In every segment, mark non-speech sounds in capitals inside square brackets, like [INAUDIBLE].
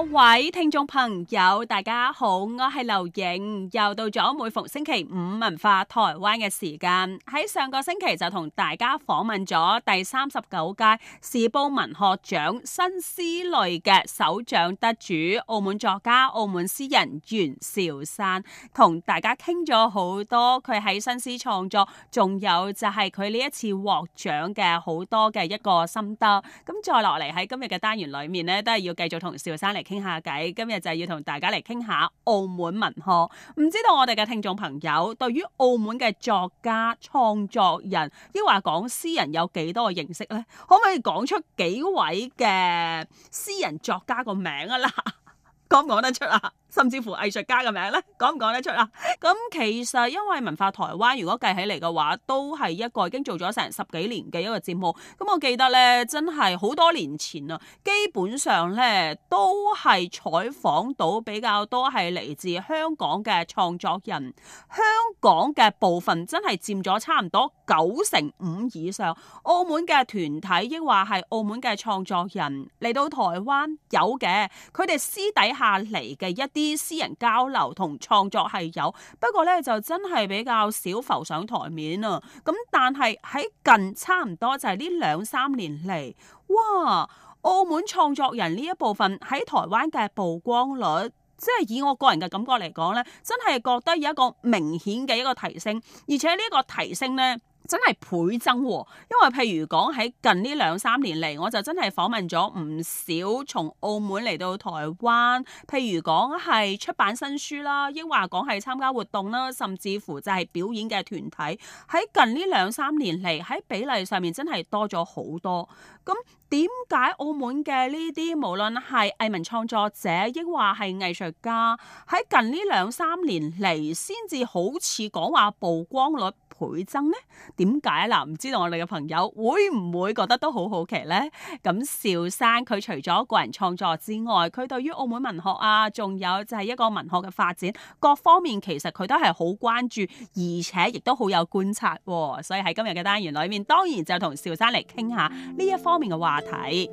各位聽眾朋友，大家好，我係劉穎，又到咗每逢星期五文化台灣嘅時間。喺上個星期就同大家訪問咗第三十九屆時報文學獎新詩類嘅首獎得主澳門作家、澳門詩人袁紹珊，同大家傾咗好多佢喺新詩創作，仲有就係佢呢一次獲獎嘅好多嘅一個心得。咁再落嚟喺今日嘅單元裏面呢都係要繼續同紹珊嚟。傾下偈，今日就要同大家嚟傾下澳門文學。唔知道我哋嘅聽眾朋友對於澳門嘅作家、創作人，亦話講詩人有幾多個認識呢？可唔可以講出幾位嘅詩人、作家個名 [LAUGHS] 說說啊？嗱，講唔講得出啦。甚至乎藝術家嘅名咧，講唔講得出啊？咁其實因為文化台灣，如果計起嚟嘅話都係一個已經做咗成十幾年嘅一個節目。咁我記得咧，真係好多年前啊，基本上咧都係採訪到比較多係嚟自香港嘅創作人，香港嘅部分真係佔咗差唔多九成五以上。澳門嘅團體亦話係澳門嘅創作人嚟到台灣有嘅，佢哋私底下嚟嘅一啲啲私人交流同創作係有，不過咧就真係比較少浮上台面啊！咁但係喺近差唔多就係呢兩三年嚟，哇！澳門創作人呢一部分喺台灣嘅曝光率，即係以我個人嘅感覺嚟講咧，真係覺得有一個明顯嘅一個提升，而且呢個提升咧。真係倍增喎、哦，因為譬如講喺近呢兩三年嚟，我就真係訪問咗唔少從澳門嚟到台灣，譬如講係出版新書啦，抑或講係參加活動啦，甚至乎就係表演嘅團體，喺近呢兩三年嚟，喺比例上面真係多咗好多。咁點解澳門嘅呢啲無論係藝文創作者，抑或係藝術家，喺近呢兩三年嚟先至好似講話曝光率倍增咧？點解？嗱，唔知道我哋嘅朋友會唔會覺得都好好奇呢？咁，紹珊佢除咗個人創作之外，佢對於澳門文學啊，仲有就係一個文學嘅發展各方面，其實佢都係好關注，而且亦都好有觀察喎、哦。所以喺今日嘅單元裏面，當然就同紹珊嚟傾下呢一方面嘅話題。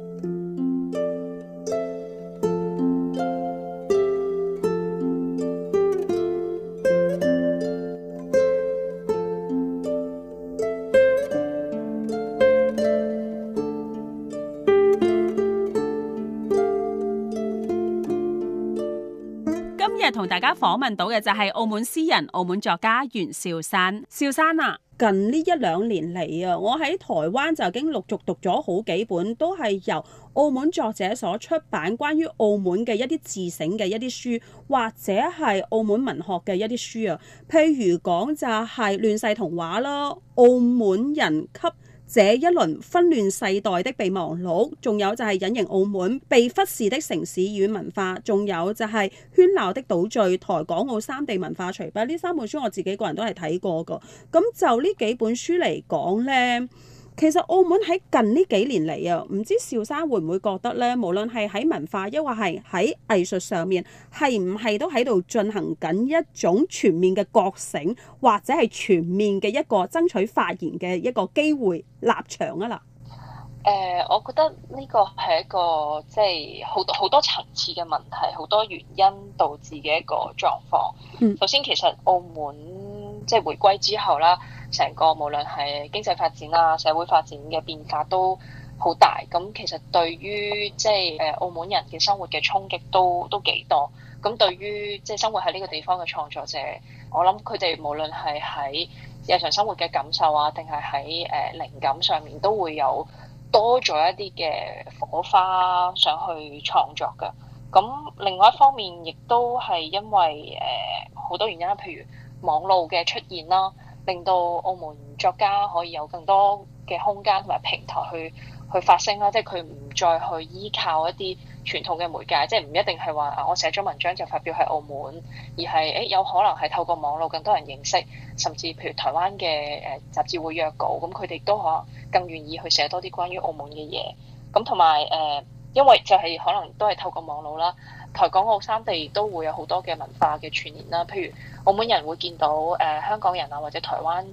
同大家訪問到嘅就係澳門詩人、澳門作家袁紹珊。紹珊啊，近呢一兩年嚟啊，我喺台灣就已經陸續讀咗好幾本，都係由澳門作者所出版關於澳門嘅一啲自省嘅一啲書，或者係澳門文學嘅一啲書啊。譬如講就係《亂世童話》啦，《澳門人給》這一輪紛亂世代的備忘錄，仲有就係隱形澳門，被忽視的城市與文化，仲有就係喧鬧的島嶼、台港澳三地文化隨筆。呢三本書我自己個人都係睇過嘅。咁就呢幾本書嚟講呢。其實澳門喺近呢幾年嚟啊，唔知紹珊會唔會覺得咧，無論係喺文化，抑或係喺藝術上面，係唔係都喺度進行緊一種全面嘅覺醒，或者係全面嘅一個爭取發言嘅一個機會立場啊？啦，誒，我覺得呢個係一個即係好多好多層次嘅問題，好多原因導致嘅一個狀況。嗯。首先，其實澳門即係、就是、回歸之後啦。成個無論係經濟發展啊、社會發展嘅變化都好大，咁其實對於即係、就是、澳門人嘅生活嘅衝擊都都幾多。咁對於即係、就是、生活喺呢個地方嘅創作者，我諗佢哋無論係喺日常生活嘅感受啊，定係喺誒靈感上面，都會有多咗一啲嘅火花想去創作嘅。咁另外一方面，亦都係因為誒好、呃、多原因啊，譬如網路嘅出現啦。令到澳門作家可以有更多嘅空間同埋平台去去發聲啦，即係佢唔再去依靠一啲傳統嘅媒介，即係唔一定係話啊我寫咗文章就發表喺澳門，而係誒、欸、有可能係透過網絡，更多人認識，甚至譬如台灣嘅誒、呃、雜誌會約稿，咁佢哋都可能更願意去寫多啲關於澳門嘅嘢，咁同埋誒。因為就係可能都係透過網路啦，台港澳三地都會有好多嘅文化嘅傳言啦。譬如澳門人會見到誒、呃、香港人啊，或者台灣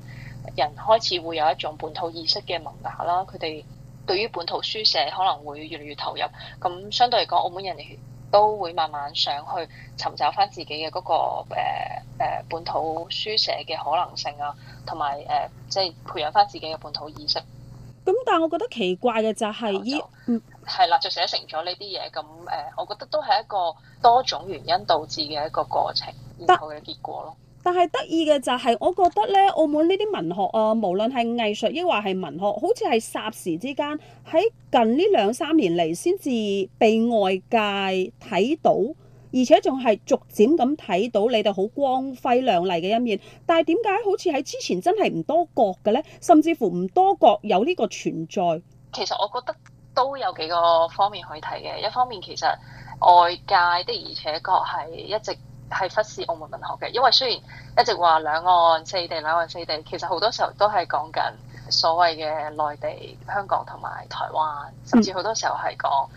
人開始會有一種本土意識嘅萌芽啦。佢哋對於本土書寫可能會越嚟越投入。咁、嗯、相對嚟講，澳門人亦都會慢慢想去尋找翻自己嘅嗰、那個誒、呃呃、本土書寫嘅可能性啊，同埋誒即係培養翻自己嘅本土意識。咁、嗯、但係我覺得奇怪嘅就係、是係啦，就寫成咗呢啲嘢咁。誒、嗯，我覺得都係一個多種原因導致嘅一個過程，唔得，嘅結果咯。但係得意嘅就係，我覺得呢，澳門呢啲文學啊，無論係藝術抑或係文學，好似係霎時之間喺近呢兩三年嚟先至被外界睇到，而且仲係逐漸咁睇到你哋好光輝亮麗嘅一面。但係點解好似喺之前真係唔多覺嘅呢？甚至乎唔多覺有呢個存在。其實我覺得。都有幾個方面可以睇嘅。一方面其實外界的而且確係一直係忽視澳門文學嘅，因為雖然一直話兩岸四地兩岸四地，其實好多時候都係講緊所謂嘅內地香港同埋台灣，甚至好多時候係講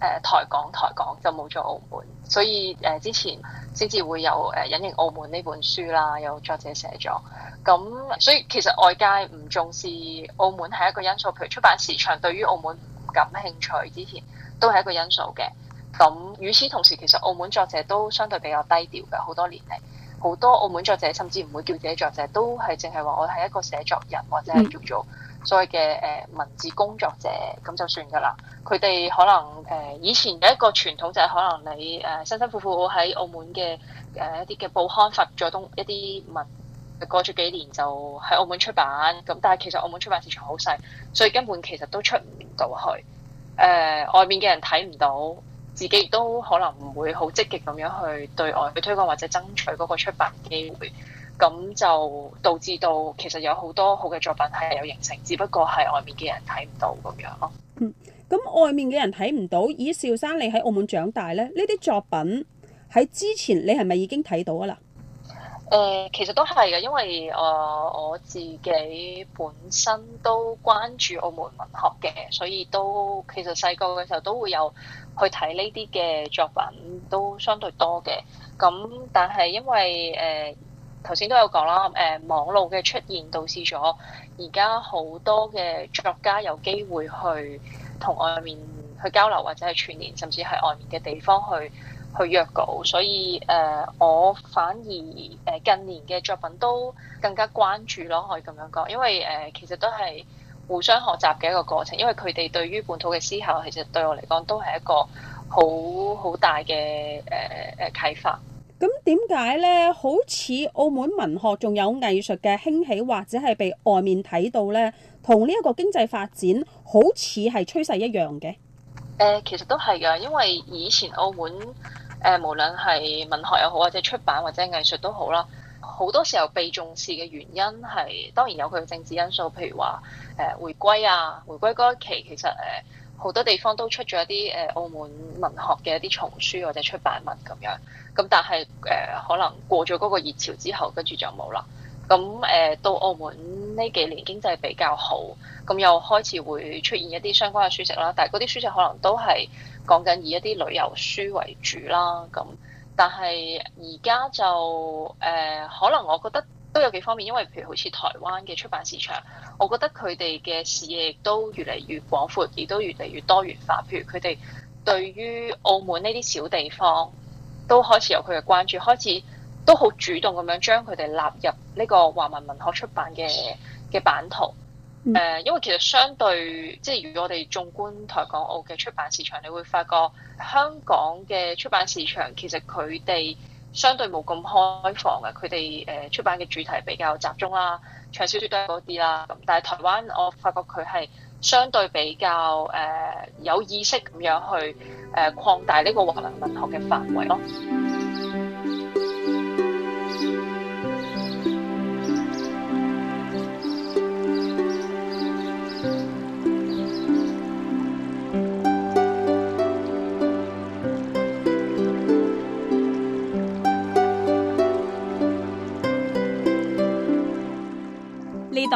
誒台港，台港就冇咗澳門，所以誒、呃、之前先至會有誒、呃、隱形澳門呢本書啦，有作者寫咗。咁所以其實外界唔重視澳門係一個因素，譬如出版市場對於澳門感興趣之前都係一個因素嘅。咁與此同時，其實澳門作者都相對比較低調嘅。好多年嚟，好多澳門作者甚至唔會叫自己作者，都係淨係話我係一個寫作人，或者係叫做所謂嘅誒、呃、文字工作者咁就算㗎啦。佢哋可能誒、呃、以前嘅一個傳統就係可能你誒辛辛苦苦喺澳門嘅誒、呃、一啲嘅報刊發咗一啲文。過咗幾年就喺澳門出版，咁但係其實澳門出版市場好細，所以根本其實都出唔到去。誒、呃，外面嘅人睇唔到，自己亦都可能唔會好積極咁樣去對外去推廣或者爭取嗰個出版機會，咁就導致到其實有好多好嘅作品係有形成，只不過係外面嘅人睇唔到咁樣咯。咁、嗯嗯、外面嘅人睇唔到，咦，紹珊你喺澳門長大咧，呢啲作品喺之前你係咪已經睇到啊啦？誒、呃，其實都係嘅，因為誒、呃、我自己本身都關注澳門文學嘅，所以都其實細個嘅時候都會有去睇呢啲嘅作品，都相對多嘅。咁但係因為誒頭先都有講啦，誒、呃、網絡嘅出現導致咗而家好多嘅作家有機會去同外面去交流，或者係串聯，甚至係外面嘅地方去，去約稿，所以誒，我反而誒近年嘅作品都更加關注咯，可以咁樣講，因為誒其實都係互相學習嘅一個過程，因為佢哋對於本土嘅思考，其實對我嚟講都係一個好好大嘅誒誒啟發。咁點解呢？好似澳門文學仲有藝術嘅興起，或者係被外面睇到呢，同呢一個經濟發展好似係趨勢一樣嘅？誒，其實都係㗎，因為以前澳門。誒無論係文學又好，或者出版或者藝術都好啦，好多時候被重視嘅原因係當然有佢嘅政治因素，譬如話誒、呃、回歸啊，回歸嗰一期其實誒好、呃、多地方都出咗一啲誒、呃、澳門文學嘅一啲叢書或者出版物咁樣，咁但係誒、呃、可能過咗嗰個熱潮之後，跟住就冇啦。咁誒、嗯、到澳門呢幾年經濟比較好，咁、嗯、又開始會出現一啲相關嘅書籍啦。但係嗰啲書籍可能都係講緊以一啲旅遊書為主啦。咁、嗯，但係而家就誒、呃，可能我覺得都有幾方面，因為譬如好似台灣嘅出版市場，我覺得佢哋嘅視野亦都越嚟越廣闊，亦都越嚟越多元化。譬如佢哋對於澳門呢啲小地方，都開始有佢嘅關注，開始，都好主動咁樣將佢哋納入呢個華文文學出版嘅嘅版圖。誒、uh，因為其實相對，即係如果我哋縱觀台港澳嘅出版市場，你會發覺香港嘅出版市場其實佢哋相對冇咁開放嘅，佢哋誒出版嘅主題比較集中啦，長少少多嗰啲啦。咁但係台灣，我發覺佢係相對比較誒、uh, 有意識咁樣去誒、uh, 擴大呢個華文文學嘅範圍咯。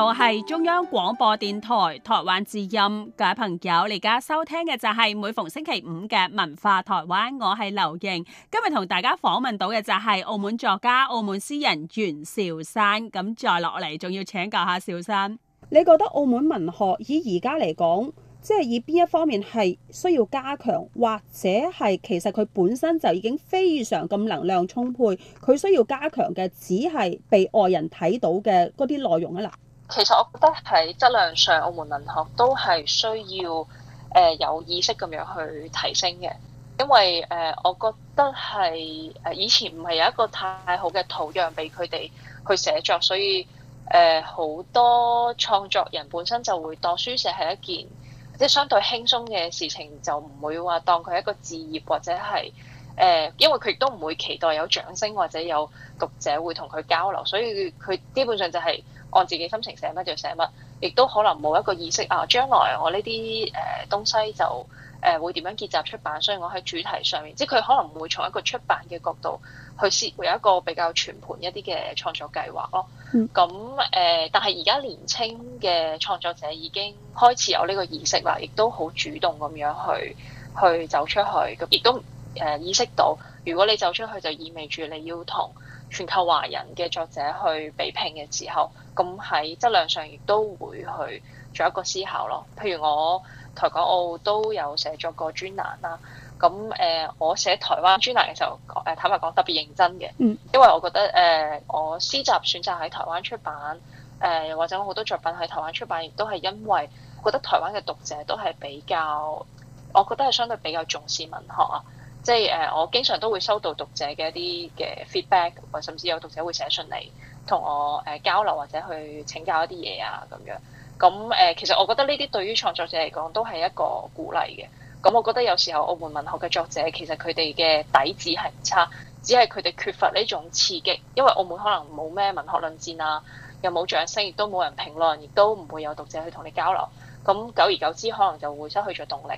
就係中央廣播電台台灣之音。各位朋友，你而家收聽嘅就係每逢星期五嘅文化台灣。我係劉瑩，今日同大家訪問到嘅就係澳門作家、澳門詩人袁紹珊。咁再落嚟，仲要請教下紹珊，你覺得澳門文學以而家嚟講，即係以邊一方面係需要加強，或者係其實佢本身就已經非常咁能量充沛，佢需要加強嘅只係被外人睇到嘅嗰啲內容啊？嗱。其實我覺得喺質量上，澳門文學都係需要誒、呃、有意識咁樣去提升嘅，因為誒、呃、我覺得係誒以前唔係有一個太好嘅土壤俾佢哋去寫作，所以誒好、呃、多創作人本身就會當書寫係一件即係、就是、相對輕鬆嘅事情，就唔會話當佢係一個置業或者係誒、呃，因為佢亦都唔會期待有掌聲或者有讀者會同佢交流，所以佢基本上就係、是。按自己心情寫乜就寫乜，亦都可能冇一個意識啊，將來我呢啲誒東西就誒、呃、會點樣結集出版，所以我喺主題上面，即係佢可能唔會從一個出版嘅角度去設會有一個比較全盤一啲嘅創作計劃咯。咁誒、嗯呃，但係而家年輕嘅創作者已經開始有呢個意識啦，亦都好主動咁樣去去走出去，亦都誒、呃、意識到，如果你走出去，就意味住你要同。全球華人嘅作者去比拼嘅時候，咁喺質量上亦都會去做一個思考咯。譬如我台港澳都有寫咗個專欄啦，咁誒、呃、我寫台灣專欄嘅時候，誒坦白講特別認真嘅，因為我覺得誒、呃、我詩集選擇喺台灣出版，誒、呃、或者我好多作品喺台灣出版，亦都係因為覺得台灣嘅讀者都係比較，我覺得係相對比較重視文學啊。即係誒、呃，我經常都會收到讀者嘅一啲嘅 feedback，或甚至有讀者會寫信嚟同我誒、呃、交流或者去請教一啲嘢啊，咁樣。咁、嗯、誒、呃，其實我覺得呢啲對於創作者嚟講都係一個鼓勵嘅。咁、嗯、我覺得有時候澳門文學嘅作者其實佢哋嘅底子係唔差，只係佢哋缺乏呢種刺激，因為澳門可能冇咩文學論戰啊，又冇掌聲，亦都冇人評論，亦都唔會有讀者去同你交流。咁、嗯、久而久之，可能就會失去咗動力。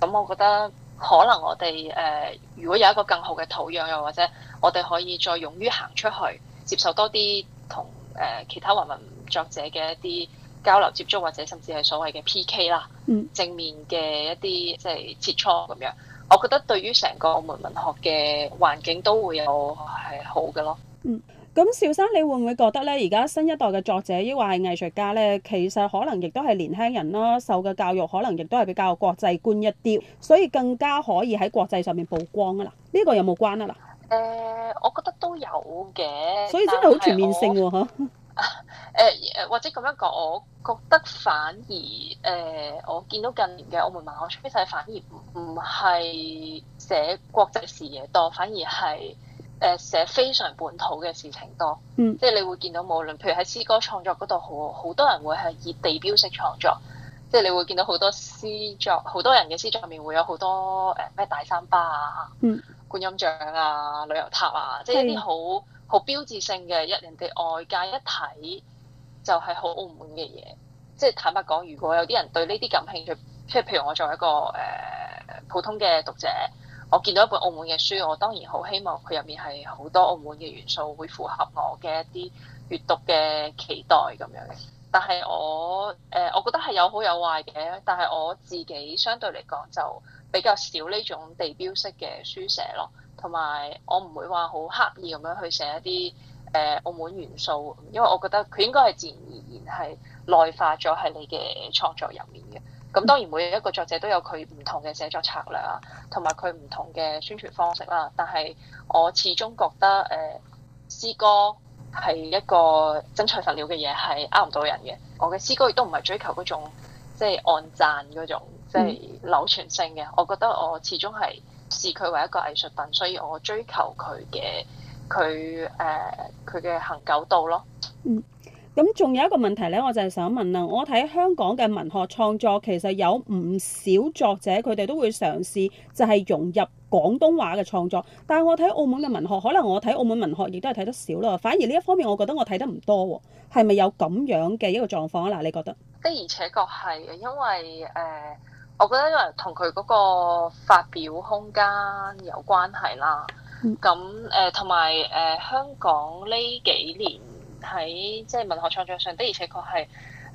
咁、嗯、我覺得。可能我哋誒、呃，如果有一個更好嘅土壤，又或者我哋可以再勇於行出去，接受多啲同誒其他華文作者嘅一啲交流接觸，或者甚至係所謂嘅 PK 啦，正面嘅一啲即係切磋咁樣，我覺得對於成個澳門文學嘅環境都會有係好嘅咯。咁，紹珊，你會唔會覺得呢？而家新一代嘅作者，抑或係藝術家呢？其實可能亦都係年輕人啦，受嘅教育可能亦都係比較國際觀一啲，所以更加可以喺國際上面曝光啊！嗱，呢個有冇關啊？嗱，誒，我覺得都有嘅，所以真係好全面性喎、啊呃！或者咁樣講，我覺得反而誒、呃，我見到近年嘅澳門文學出世，反而唔係寫國際視野多，反而係，誒、呃、寫非常本土嘅事情多，嗯、即係你會見到無論，譬如喺詩歌創作嗰度，好好多人會係以地標式創作，即係你會見到好多詩作，好多人嘅詩作入面會有好多誒咩、呃、大三巴啊、嗯、觀音像啊、旅遊塔啊，是即係一啲好好標誌性嘅一，人哋外界一睇就係、是、好澳門嘅嘢。即係坦白講，如果有啲人對呢啲感興趣，即係譬如我作為一個誒、呃、普通嘅讀者。我見到一本澳門嘅書，我當然好希望佢入面係好多澳門嘅元素，會符合我嘅一啲閱讀嘅期待咁樣嘅。但係我誒、呃，我覺得係有好有壞嘅。但係我自己相對嚟講就比較少呢種地標式嘅書寫咯，同埋我唔會話好刻意咁樣去寫一啲誒、呃、澳門元素，因為我覺得佢應該係自然而然係內化咗喺你嘅創作入面嘅。咁當然每一個作者都有佢唔同嘅寫作策略啊，同埋佢唔同嘅宣傳方式啦、啊。但係我始終覺得誒、呃、詩歌係一個真材實料嘅嘢，係呃唔到人嘅。我嘅詩歌亦都唔係追求嗰種即係按讚嗰種即係流傳性嘅。我覺得我始終係視佢為一個藝術品，所以我追求佢嘅佢誒佢嘅恒久度咯。嗯。咁仲有一個問題咧，我就係想問啦。我睇香港嘅文學創作，其實有唔少作者，佢哋都會嘗試就係融入廣東話嘅創作。但係我睇澳門嘅文學，可能我睇澳門文學亦都係睇得少啦。反而呢一方面，我覺得我睇得唔多喎。係咪有咁樣嘅一個狀況啊？嗱，你覺得？的而且確係，因為誒，我覺得因為同佢嗰個發表空間有關係啦。咁誒，同埋誒，香港呢幾年。喺即係文學創作上，的而且確係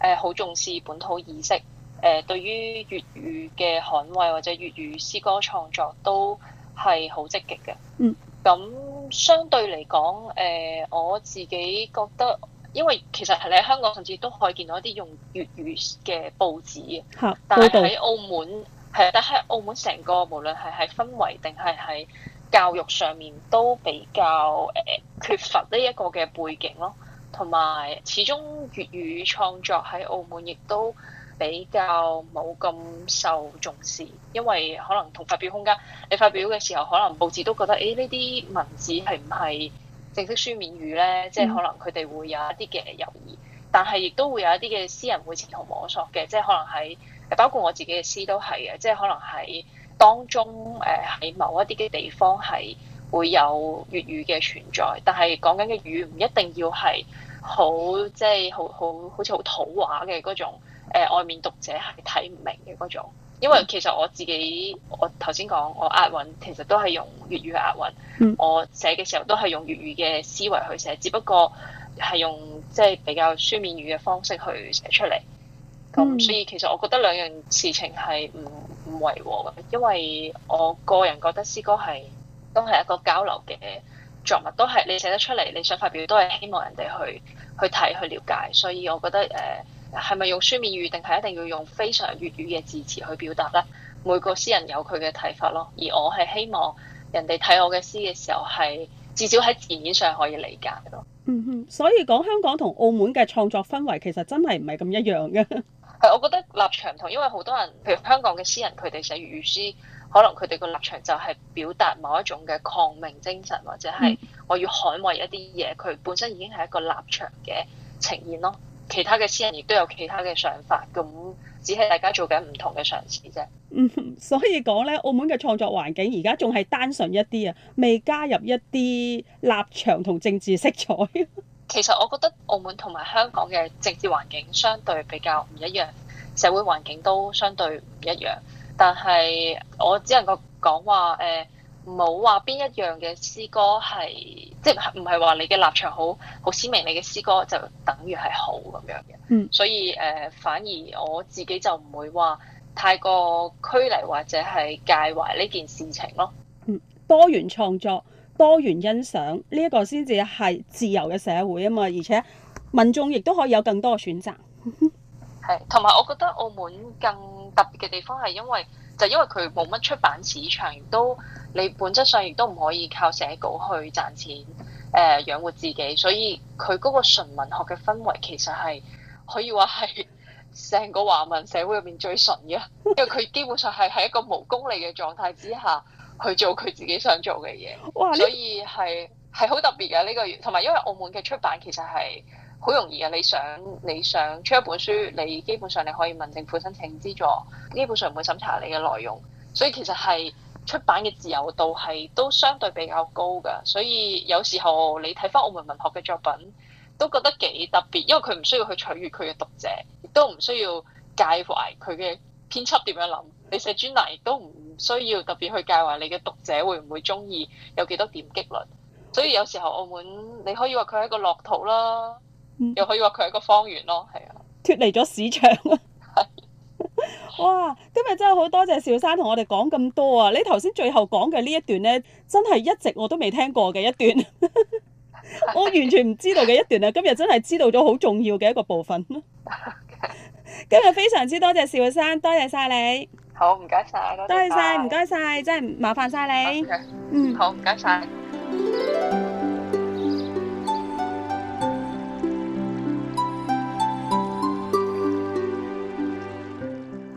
誒好重視本土意識。誒對於粵語嘅捍衛或者粵語詩歌創作都係好積極嘅。嗯，咁相對嚟講，誒、呃、我自己覺得，因為其實你喺香港甚至都可以見到一啲用粵語嘅報紙，嘅、啊，嚇，但係喺澳門，係啊、嗯，但喺澳門成個無論係喺氛圍定係喺教育上面，都比較誒、呃、缺乏呢一個嘅背景咯。同埋，始終粵語創作喺澳門亦都比較冇咁受重視，因為可能同發表空間，你發表嘅時候，可能報紙都覺得，誒呢啲文字係唔係正式書面語呢？即係可能佢哋會有一啲嘅猶疑，但係亦都會有一啲嘅詩人會前頭摸索嘅，即係可能喺，包括我自己嘅詩都係嘅，即係可能喺當中，誒喺某一啲嘅地方係。會有粵語嘅存在，但係講緊嘅語唔一定要係好即係好好好似好土話嘅嗰種，呃，外面讀者係睇唔明嘅嗰種，因為其實我自己我頭先講我押韻，其實都係用粵語押韻。嗯，我寫嘅時候都係用粵語嘅思維去寫，只不過係用即係比較書面語嘅方式去寫出嚟。咁所以其實我覺得兩樣事情係唔唔違和嘅，因為我個人覺得詩歌係，都係一個交流嘅作物，都係你寫得出嚟，你想發表，都係希望人哋去去睇去了解。所以，我覺得誒，係咪用書面語定係一定要用非常粵語嘅字詞去表達呢？每個詩人有佢嘅睇法咯。而我係希望人哋睇我嘅詩嘅時候，係至少喺字面上可以理解咯。嗯哼，所以講香港同澳門嘅創作氛圍其實真係唔係咁一樣嘅。係，我覺得立場唔同，因為好多人譬如香港嘅詩人，佢哋寫粵語詩。可能佢哋個立場就係表達某一種嘅抗命精神，或者係我要捍衞一啲嘢，佢本身已經係一個立場嘅呈現咯。其他嘅詩人亦都有其他嘅想法，咁只係大家做緊唔同嘅嘗試啫。嗯，所以講呢，澳門嘅創作環境而家仲係單純一啲啊，未加入一啲立場同政治色彩。其實我覺得澳門同埋香港嘅政治環境相對比較唔一樣，社會環境都相對唔一樣。但係我只能夠講話，誒、呃，唔好話邊一樣嘅詩歌係，即係唔係話你嘅立場好好鮮明，你嘅詩歌就等於係好咁樣嘅。嗯，所以誒、呃，反而我自己就唔會話太過拘泥或者係介懷呢件事情咯。多元創作、多元欣賞呢一個先至係自由嘅社會啊嘛，而且民眾亦都可以有更多嘅選擇。 [LAUGHS] 係，同埋我覺得澳門更特別嘅地方係因為，就因為佢冇乜出版市場，亦都你本質上亦都唔可以靠寫稿去賺錢誒、呃、養活自己，所以佢嗰個純文學嘅氛圍其實係可以話係成個華文社會入面最純嘅，因為佢基本上係喺一個無功利嘅狀態之下去做佢自己想做嘅嘢，哇所以係係好特別嘅呢、呢個，同埋因為澳門嘅出版其實係。好容易啊！你想你想出一本書，你基本上你可以問政府申請資助，基本上唔會審查你嘅內容，所以其實係出版嘅自由度係都相對比較高㗎。所以有時候你睇返澳門文學嘅作品，都覺得幾特別，因為佢唔需要去取悅佢嘅讀者，亦都唔需要介懷佢嘅編輯點樣諗。你寫專欄亦都唔需要特別去介懷你嘅讀者會唔會鍾意，有幾多點擊率。所以有時候澳門你可以話佢係一個樂土啦。又可以話佢係一個方圓咯，係啊，脫離咗市場啊，係，哇！今日真係好多謝紹珊同我哋講咁多啊！你頭先最後講嘅呢一段咧，真係一直我都未聽過嘅一段，我完全唔知道嘅一段啊！今日真係知道咗好重要嘅一個部分。今日非常之多謝紹珊，多謝晒你。好，唔該晒，多謝晒，唔該晒，真係麻煩晒你。嗯，好，唔該晒。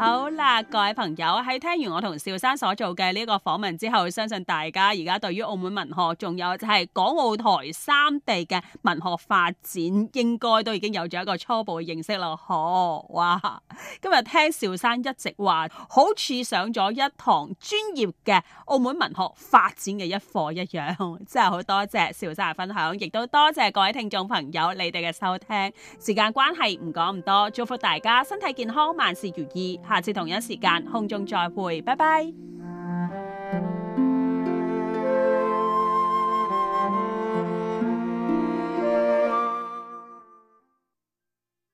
好啦，各位朋友喺聽完我同紹珊所做嘅呢個訪問之後，相信大家而家對於澳門文學，仲有就係港澳台三地嘅文學發展，應該都已經有咗一個初步嘅認識咯。好、哦、哇！今日聽紹珊一直話，好似上咗一堂專業嘅澳門文學發展嘅一課一樣，真係好多謝紹珊嘅分享，亦都多謝各位聽眾朋友你哋嘅收聽。時間關係唔講咁多，祝福大家身體健康，萬事如意。下次同一時間空中再會，拜拜。